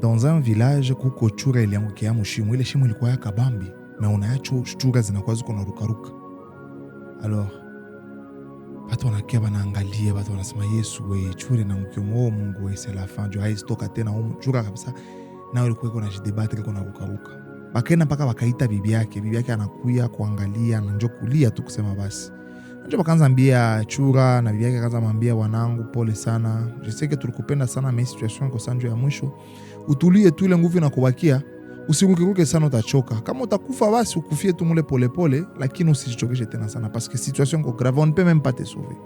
dans un village kuko chura iliangukia mshimo. Ile shimu ilikuwa ya kabambi na unaacho chura zinakuwa ziko na rukaruka. Alors watu wanakia wanaangalia, watu wanasema Yesu we chura na mkiomo Mungu we c'est la fin du hais toka tena huko chura kabisa, na ilikuwa iko na jidebate iko na rukaruka. Bakena mpaka wakaita bibi yake, bibi yake anakuya kuangalia na njoo kulia tu kusema basi Najua akaanza ambia chura na bibi yake akaanza mwambia, wanangu, pole sana, jiseke, tulikupenda sana, mimi situation kwa sanjo ya mwisho, utulie tu, ile nguvu na kubakia usirukiruke sana, utachoka. Kama utakufa basi ukufie tu mule polepole, lakini usijichokeshe tena sana parce que situation ko grave, on peut même pas te sauver.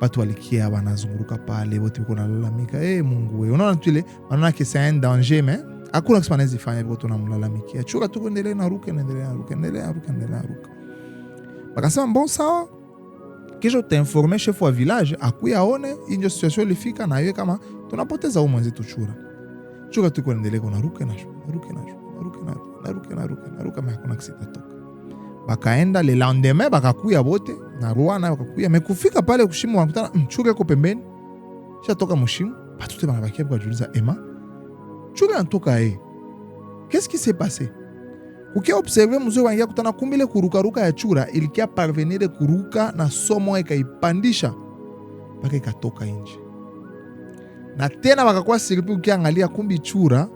Watu walikia wanazunguruka pale wote wiko nalalamika, eh, hey, Mungu wewe, unaona tu ile maana yake c'est un danger mais hakuna kitu anaweza fanya, kwa tunamlalamikia chura tu, endelee na ruka, endelee na ruka, endelee na ruka, endelee na ruka Wakasema bon, sawa, kisha utainforme shefu wa village akuya aone injo situation ilifika na yeye kama tunapoteza huyu mwenzetu chura chura, tuko endelea na ruka na ruka na ruka na ruka na ruka na ruka, hakuna kitu kitatoka. Bakaenda le lendemain bakakuya bote na Rwanda wakakuya mekufika pale kushimu, wakutana mchura mm, yuko pembeni shatoka mshimu, batu tena banabakia kwa juliza Emma, chura anatoka eh, qu'est-ce qui s'est passé ukiobserve mzuri wangia kutana kumbile kurukaruka ya chura ilikia parvenire kuruka na somo ikaipandisha mpaka ikatoka nje, na tena wakakuwa siripi. Ukiangalia kumbi chura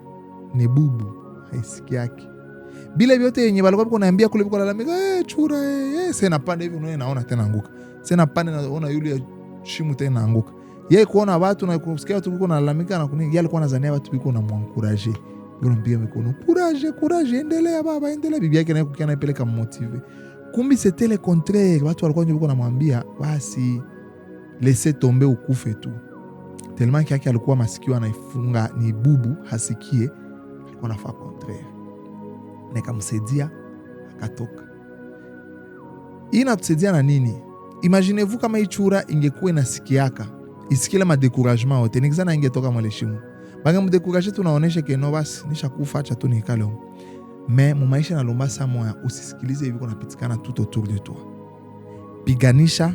ni bubu haisiki yake bila vyote yenye balikuwa biko naambia kule biko lalamika eh, chura eh, eh. sena pande hivi unaona, naona tena anguka sena pande, naona yule shimu tena anguka. Yeye kuona watu na kusikia watu biko nalalamika na kunini, yeye alikuwa anazania watu biko na mwankuraje Unampiga mikono, kuraje courage, endelea baba, endelea. Bibi yake naye kukia anapeleka motive. Kumbi c'était le contraire, watu walikuwa njokuwa namwambia basi lese tombe ukufe tu, tellement kia yake alikuwa masikio anaifunga ni bubu hasikie, alikuwa nafaa contraire. Nikamsaidia akatoka. ina inatusaidia na nini? Imaginez-vous kama ichura ingekuwa inasikiaka isikile madécouragement ote ni kizana inge toka mwele shimu banga mudécourage tunaoneshe keno basi nishakufa acha tu nikale huko me mumaisha nalomba saa moya usisikilize hivi kunapitikana tout autour de toi piganisha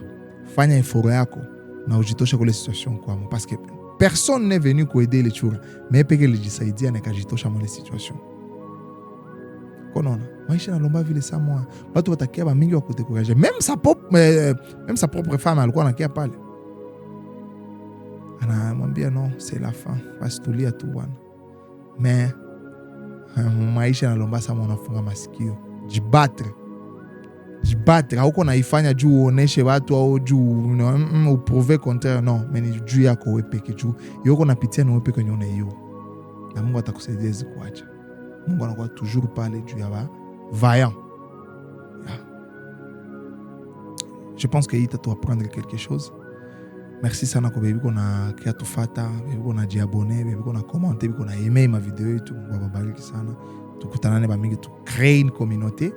fanya eforo yako na ujitoshe kule situation kwamo que personne n'est venu kuede ile chura me peke lijisaidia nikajitosha mwele situation konona maisha nalomba vile sa moya batu watakia bamingi wakudécourage meme sa propre, eh, même sa propre femme alikuwa anakia pale anamwambia no, c'est la fin, pas tu bwana. Me eh, maisha yanalomba sama, unafunga masikio, jibatre jibatre, hauko naifanya juu uoneshe watu au juu mm, contraire, no meni juu ya battre juu yoko napitia ni peke na Mungu atakusaidia Mungu anakuwa toujours pale juu ya Je pense qu'il t'a apprendre quelque chose merci sana kwa bebi kona kia tufata bebi kona jiabone bebi kona komante bebi kona eme ma video yetu mungu ababariki sana tukutanane bamingi tucree communauté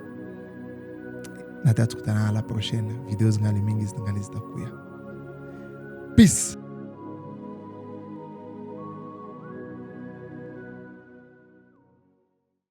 nataa tukutana la prochaine video zingali mingi zingali zitakuya peace